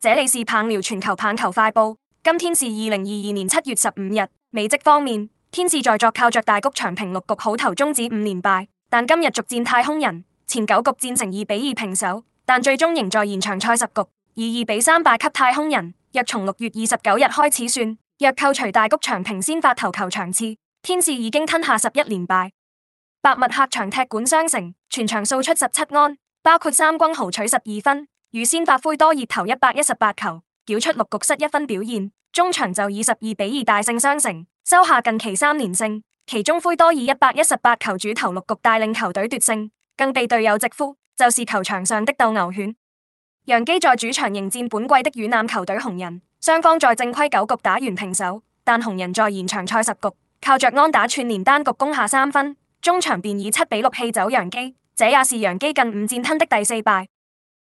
這裡是棒聊全球棒球快報，今天是二零二二年七月十五日。美職方面，天使在作靠着大谷翔平六局好投終止五連敗，但今日逐戰太空人，前九局戰成二比二平手，但最終仍在延長賽十局以二比三敗給太空人。若從六月二十九日開始算，若扣除大谷翔平先發投球場次，天使已經吞下十一連敗。白襪客場踢館雙城，全場掃出十七安，包括三軍豪取十二分。預先發灰多熱投一百一十八球，繳出六局失一分表現。終場就以十二比二大勝相成，收下近期三連勝。其中灰多以一百一十八球主投六局帶領球隊奪勝，更被隊友直呼就是球場上的鬥牛犬。洋基在主場迎戰本季的魚腩球隊紅人，雙方在正規九局打完平手，但紅人在延長賽十局，靠着安打串連單局攻下三分，終場便以七比六氣走洋基，這也是洋基近五戰吞的第四敗。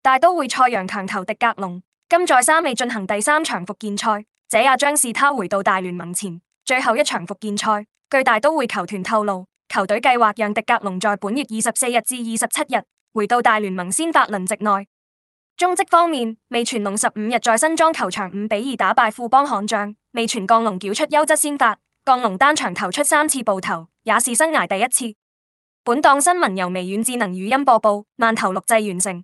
大都會賽揚強投迪格隆今在三未進行第三場復健賽，這也將是他回到大聯盟前最後一場復健賽。據大都會球團透露，球隊計劃讓迪格隆在本月二十四日至二十七日回到大聯盟先發輪值內。中職方面，味全龍十五日在新莊球場五比二打敗富邦悍將，味全降龍繳出優質先發，降龍單場投出三次暴投，也是生涯第一次。本檔新聞由微軟智能語音播報，慢頭錄製完成。